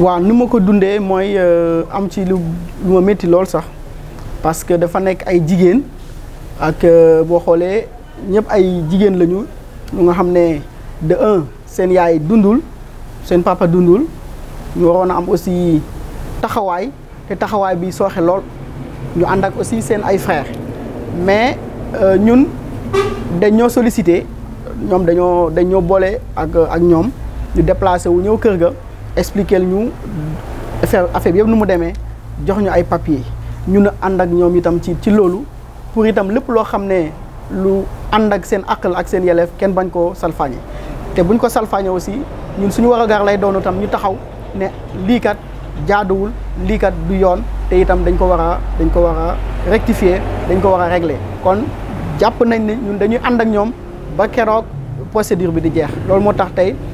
waaw ni ma ko dundee mooy euh, am ci lu lu ma métti lool sax parce que dafa nekk ay jigéen ak euh, boo xoolee ñëpp ay jigéen lañu ñu nga xam ne de un seen yaay dundul seen papa dundul ñu waroon a am aussi taxawaay te taxawaay bi sooxe lool ñu ànd ak aussi seen ay frères mais euh, ñun dañoo sollicité ñoom dañoo dañoo boole ak ak ñoom ñu déplacé wu ñëw kër ga. expliquer ñu faire affaire yëpp nu mu démé jox ñu ay papier ñu na and ak ñom itam ci ci lolu pour itam lepp lo xamné lu and ak seen akal ak seen yelef ken bañ ko salfañé té buñ ko salfañé aussi ñun suñu wara gar lay doonu tam ñu taxaw ne li kat jaaduwul li kat du yoon té itam dañ ko wara dañ ko wara rectifier dañ ko wara régler kon japp nañ ne ñun dañuy and ak ñom ba kérok procédure bi di jeex loolu moo tax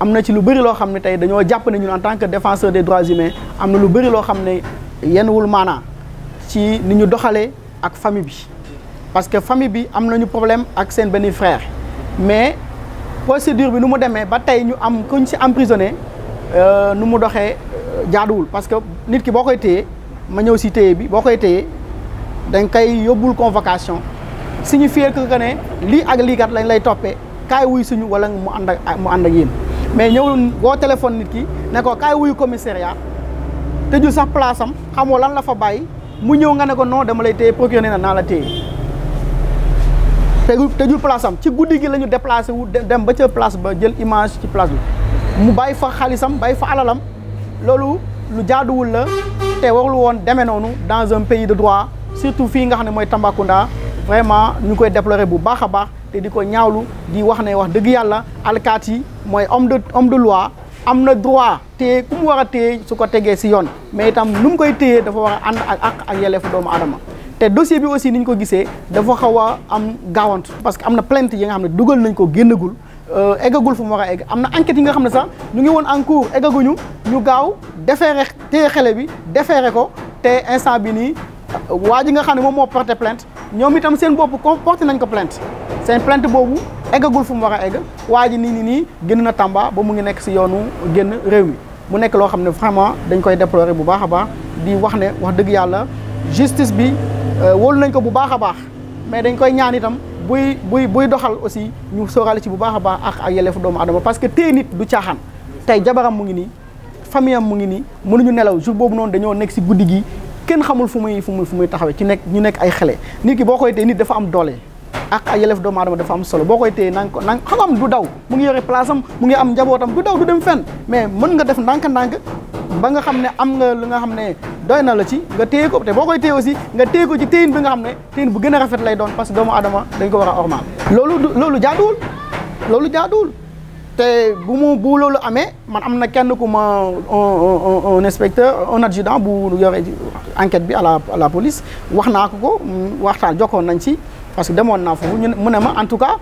amna ci lu bëri lo xamné tay tey dañoo jàpp ne ñun en tant que défenseur des droits humains amna lu bëri lo xamné yenn wul mana ci ni ñu doxalé ak famille bi parce que famille bi amna ñu problème ak seen benn frère mais procédure bi nu mu démé ba tay ñu am kuñ ci emprisonné euh nu mu doxé euh, jaadul parce que nit ki bokoy koy ma ñëw ci téye bi bokoy koy téye dañ koy yóbbul convocation signifier que que né li ak li kat lañ lay topé kay wuy suñu wala mu and ak mu and ak yeen mais ñëw woo téléphone nit ki ne ko kaay wuyu commissariat tëju sax place am xamoo lan la fa bàyyi mu ñëw nga ne ko non dama lay téye procureur nee na naa la tey tegu tëjul place ci guddi gi la ñu déplacé wu dem ba ca place ba jël image ci place bi mu bàyyi fa xaalisam bàyyi fa alalam loolu lu jaaduwul la te warul woon demee noonu dans un pays de droit surtout fii nga xam ne mooy Tambacounda vraiment ñu koy déplorer bu baax a baax te di ko ñaawlu di wax ne wax dëgg yàlla alkaat yi mooy homme de homme de loi am na droit téye ku mu war a téye su ko tegee si yoon mais itam nu mu koy téye dafa war a ànd ak àq ak yelleefu doomu aadama te dossier bi aussi ni ñu ko gisee dafa xaw a am gaawantu parce que am na plant yi nga xam ne dugal nañ ko génnagul euh, eggagul fu mu war a egg am na enquête yi nga xam ne sax ñu ngi woon en cours eggaguñu ñu gaaw defeere téye xale bi defeere ko te instant bi nii waa ji nga xam ne moom moo porté plainte ñoom itam seen bopp porté nañ ko plainte seen plainte boobu eggagul fu mu war a egg waa ni nii na Tamba ba mu ngi nek ci yoonu genn réew mi mu nek lo xamne vraiment dañ koy déplorer bu baax di wax ne wax deug yalla justice bi euh, wolu nañ ko bu baax baax mais dañ koy ñaan itam buy buy buy doxal aussi ñu sóoraale ci bu a baax ak ak yelleefu doomu adama parce que té nit du tiaxan tay jabaram mu ngi ni famiyam mu ngi mënu ñu nelaw jour bobu non dañoo nek ci guddigi gi kenn xamul fu muy fu muy ci nek ñu nek ay xalé nit ki bokoy té nit dafa am doolé ak ay yelef doomu aadama dafa am solo boo koy téye nan ko nang xam du daw mu ngi yore place am mu ngi am njabootam du daw du dem fenn mais mën nga def ndànk-ndànk ba nga xam ne am nga lu nga xam ne doy na la ci nga téye ko te boo koy téye aussi nga téye ko ci téyin bi nga xam ne téyin bu gën a rafet lay doon parce que doomu aadama dañ ko war a ormaal loolu loolu jaaduwul loolu jaaduwul te bu mu bu loolu amee man am na kenn ku ma un inspecteur un adjudant bu yore enquête bi à la à wax naa ko ko waxtaan jokkoon nañ ci parce que demoon naa foofu ñu mu en tout cas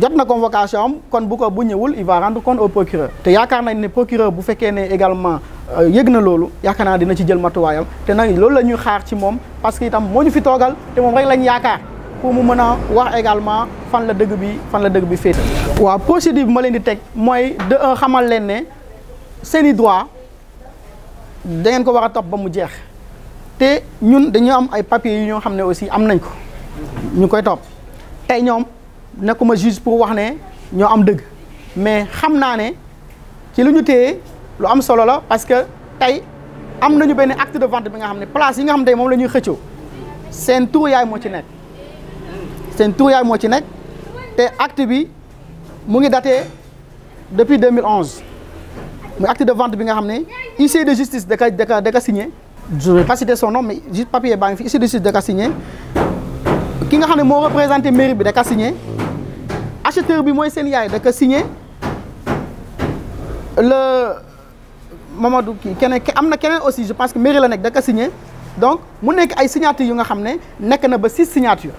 jot na convocation am kon bu ko bu ñewul il va rendre compte au procureur te yaakaar nañ ne procureur bu fekkee né également euh, yegna lolu loolu na dina ci jël matuwaayam te na lolu la ñuy xaar ci mom parce que itam moñu fi togal te mom rek lañ yaakaar pour mu mëna wax également fan la dëgg bi fan la dëgg bi fété wa procédure bi ma leen di teg moy de un xamal leen né seen i droit da ngeen ko wara a ba mu jeex te ñun dañu am ay papiers yu ñoo aussi am nañ ko ñu koy top. tey ñoom nekkuma juge pour wax ne ñoo am dëgg mais xamna né ci luñu ñu lu am solo la parce que tay am nañu benn acte de vente bi nga xamné place yi nga xamné mom lañuy la ñuy xëccoo seen tur yaay moo ci nek seen tur yaay mo ci nek té acte bi mu ngi daté depuis 2011 mu acte de vente bi nga xamné ne de justice de ka de ka da signé. je vais pas citer son nom mais juste papier baa ngi fi huissier de justice de ka signé ki nga xamné mo représenter mairie bi da ka signer acheteur bi moy sen yaay da ka signer le Mamadou ki kene am na aussi je pense que mairie la nek da ka signer donc mu nek ay signature yu nga xamné nek na ba 6 signatures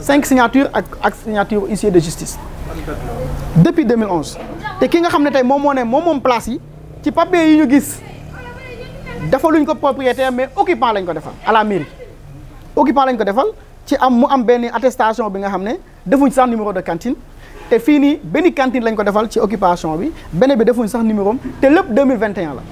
5 signatures ak ak signature huissier de justice depuis 2011 te ki nga xamné tay tey moom moo ne moom place yi ci papier yi ñu gis luñ ko propriétaire mais occupant lañ ko defal à la mairie occupant lañ ko defal ci am mu am benn attestation bi nga xamne defuñ sax numéro de cantine té fini nii benn cantine lañ ko defal ci occupation bi benn bi defuñ sax numéro té lepp 2021 la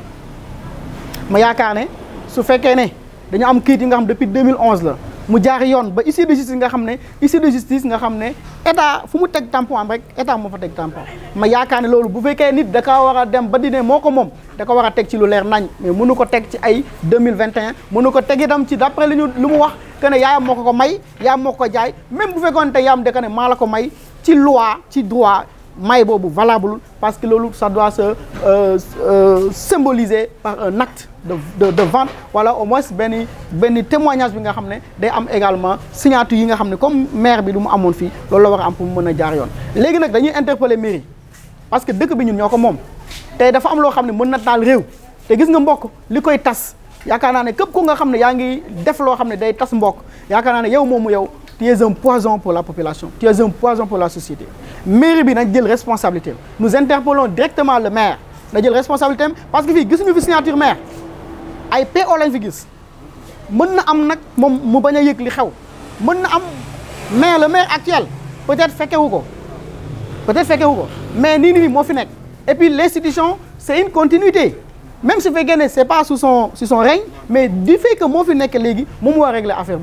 ma yaakaar ne su fekkee né dañu am kit yi nga xam depuis 2011 la mu jaar yoon ba ici de justice nga xamne ici de justice nga xamne état fu mu tek tampon am rek état mo fa tek tampon ma yaakaar ne bu fekkee nit da ka wara dem ba dine moko mom da ko wara tek ci lu leer nañ mais mënu ko teg ci ay 2021 mënu ko teg itam ci d'après li ñu lu mu wax que ne yaayam moko ko may yaayam moko ko jaay même bu fekkoon te yaayam de que ne maa ko may ci loi ci droit may bobu valable parce que loolu ça doit se euh, euh, symboliser par un acte de de de vente voilà, au moins benn benn témoignage bi nga xamné day am également signature yi nga xamné comme maire bi du mu amoon fii loolu la wara am pour mu jaar yoon. légui nak dañuy interpeller mairie parce que dëkk bi ñun ñoko mom te dafa am lo xam ne mën na taal réew te gis nga mbokk likoy koy tas yaakaar naa ne képp ku nga xam ne yaa def lo xam day tas mbokk yakarna naa ne yow momu yow tu es un poison pour la population tu es un poison pour la société mairie bi nañ jël responsabilité nous interpellons directement le maire na jël responsabilité parce que gis ñu fi signature maire ay PO lañ fi gis mën na am nak mom mu baña yek li xew mën na am mais le maire actuel peut-être fekkewu ko peut-être fekkewu ko mais ni ni mo fi nek et puis l'institution, c'est une continuité. Même si Fekene, ce n'est pas sous son, sous son règne, mais du fait que mon fils n'est que légui, mon mot règle l'affaire.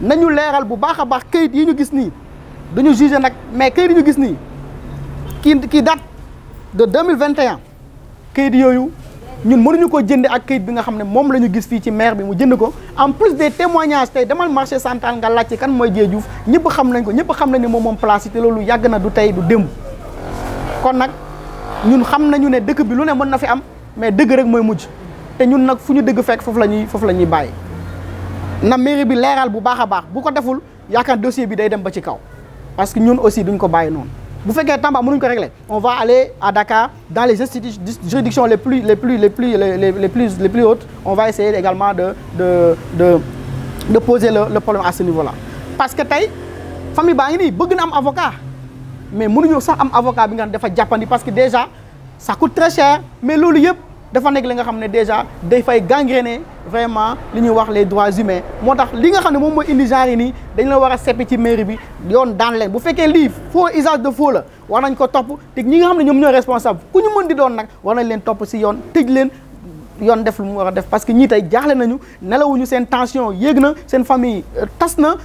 Nous avons l'air de faire des choses qui nous ont Nous juger, mais qui nous ont qui, qui date de 2021. Qui nous ñun mënuñu ko jënd ak kayit bi nga xam ne moom la ñu gis fii ci maire bi mu jënd ko en plus des témoignages tey demal marché central nga laajte kan mooy Diedhiou ñëpp xam nañ ko ñëpp xam nañ ne moom moom place yi te loolu na du tey du démb kon nag ñun xam nañu ne dëkk bi lu ne mën na fi am mais dëgg rek mooy mujj te ñun nag fu ñu dëgg fekk foofu la ñuy foofu la ñuy bàyyi na mairie bi leeral bu baax a baax bu ko deful yaakaar dossier bi day dem ba ci kaw parce que ñun aussi duñ ko bàyyi noonu bu fekkee Tamba mënuñ ko régler on va aller à Dakar dans les juridictions les plus les plus les plus les les plus les plus hautes on va essayer également de de de de poser le le problème à ce niveau là parce que tey famille baa ngi nii bëgg na am avocat mais mënuñoo sax am avocat bi nga xam dafa parce que déjà ça coûte très cher mais loolu yëpp dafa nek li nga xamné déjà day fay gangréner vraiment li ñuy wax les droits humains motax li nga xamné mom moom indi genre ni dañ la wara a ci mairie bi yoon daan len bu féké lii faux usage de faux la war nañ ko top té ñi nga xamné ñom ñoy responsable ku ñu mënd di doon nak war nañ leen top ci yoon tej leen yoon def lu mu war def parce que ñi tay jaxlé nañu nelawuñu sen tension yegna sen famille tasna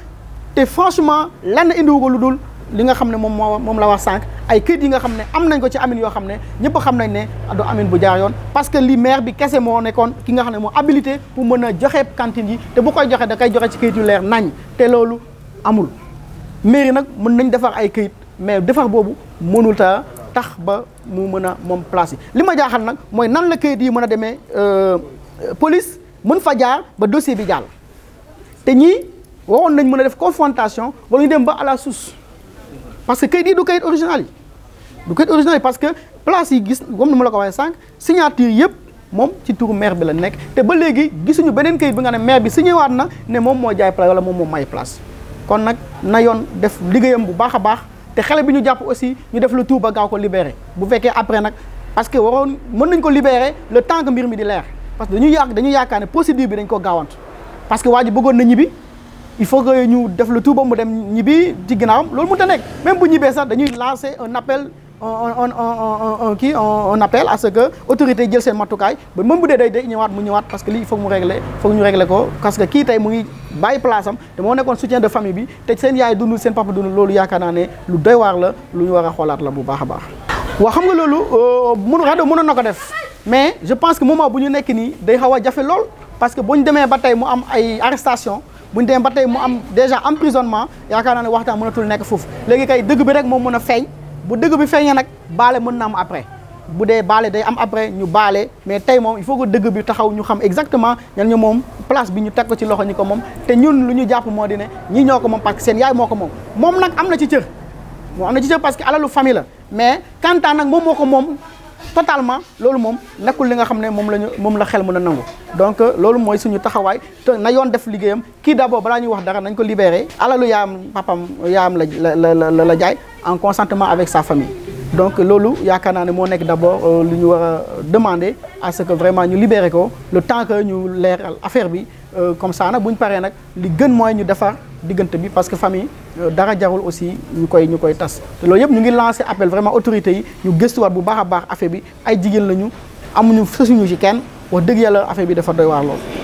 na franchement lenn indiwu ko lu dul li nga xamne mom mom la wax sank ay këyit yi nga xamne am nañ ko ci amine yo xamne ñepp xam nañ ne do amine bu jaar yoon parce que li maire bi kese mo nekkon ki nga xamne mo habilité pour mën joxé cantine yi te bu koy joxé da kay joxé ci këyit yu leer nañ te lolu amul mairie nak mën nañ defar ay këyit mais defar bobu mënul ta tax ba mu mën mom place yi li ma jaaxal nak moy nan la këyit yi mën démé euh police mën fa jaar ba dossier bi jàll te ñi waxon nañ mën def confrontation wala ñu dem ba à la source parce que kayit du kayit original yi du kayit original yi parce que place yi gis gom na mala ko waye sank signature yep mom ci tour maire bi la nek te ba legui gisunu benen kayit bi nga ne maire bi signé wat na ne mom mo jaay place wala mom mo may place kon nak na yoon def liggéeyam bu baax a baax te xalé bi ñu japp aussi ñu def le tour ba gaaw ko libérer bu fekke après nak parce que waron mën nañ ko libérer le temps que mbir mi di leer parce que dañu yak dañu yakane procédure bi dañ ko gawante parce que waji bëggon na ñibi il faut que ñu def le tout ba mu dem ñibbi ci ginnaawam même bu ñibbee sax dañuy lancer un appel un un un appel à ce que autorité jël seen matukaay mais même pour des des ñëwaat mu ñëwaat parce que il faut mu régler faut ñu régler ko parce que qui tey mu ngi bàyyi place am te moo nekkoon soutien de famille bi te seen yaay dund seen papa dund loolu yaakaar naa ne lu doy le la lu ñu war a xoolaat la bu baax a baax. waaw xam nga loolu euh, mënu rajo mënoon na def mais je pense que moment bu ñu nekk nii day xawa jafé lool parce que bu ñu demee ba mu am ay arrestation buñ suis déjà déjà emprisonnement yaakaar naa ne waxtaan mënatul nekk foofu léegi kay dëgg bi rek moom mën a feeñ bu dëgg bi feeñee nag baale mën na après bu dee baale day am après mais il faut que dëgg bi taxaw exactement ñan place bi ñu teg ko ci loxo ñi ko te ñun lu ñu parce que seen yaay moo ko parce que famille mais quand nag moom moo ko totalement lolu mom nekkul li nga xam mom moom la ñu la xel mën a nangu donc euh, lolu moy suñu taxaway na yon def liggéeyam ki d'abord balaa ñuy wax dara nañ ko libérer alalu yaayam papam yaam la la la la jaay en consentement avec sa famille donc lolu yakana ne mo nek d'abord euh, lu ñu war demander à ce que vraiment ñu libérer ko le temps que ñu leral affaire bi euh, comme ça na bu paré nak li gën moy ñu defar digënté bi parce que famille dara jarul aussi ñu koy ñu koy tas loolu yëpp ñu ngi lancé appel vraiment autorités yi ñu gëstuwaat bu baax a baax affaire bi ay jigéen lañu amuñu fësuñu ci kenn wax dëgg yàlla affaire bi dafa doy waar lool.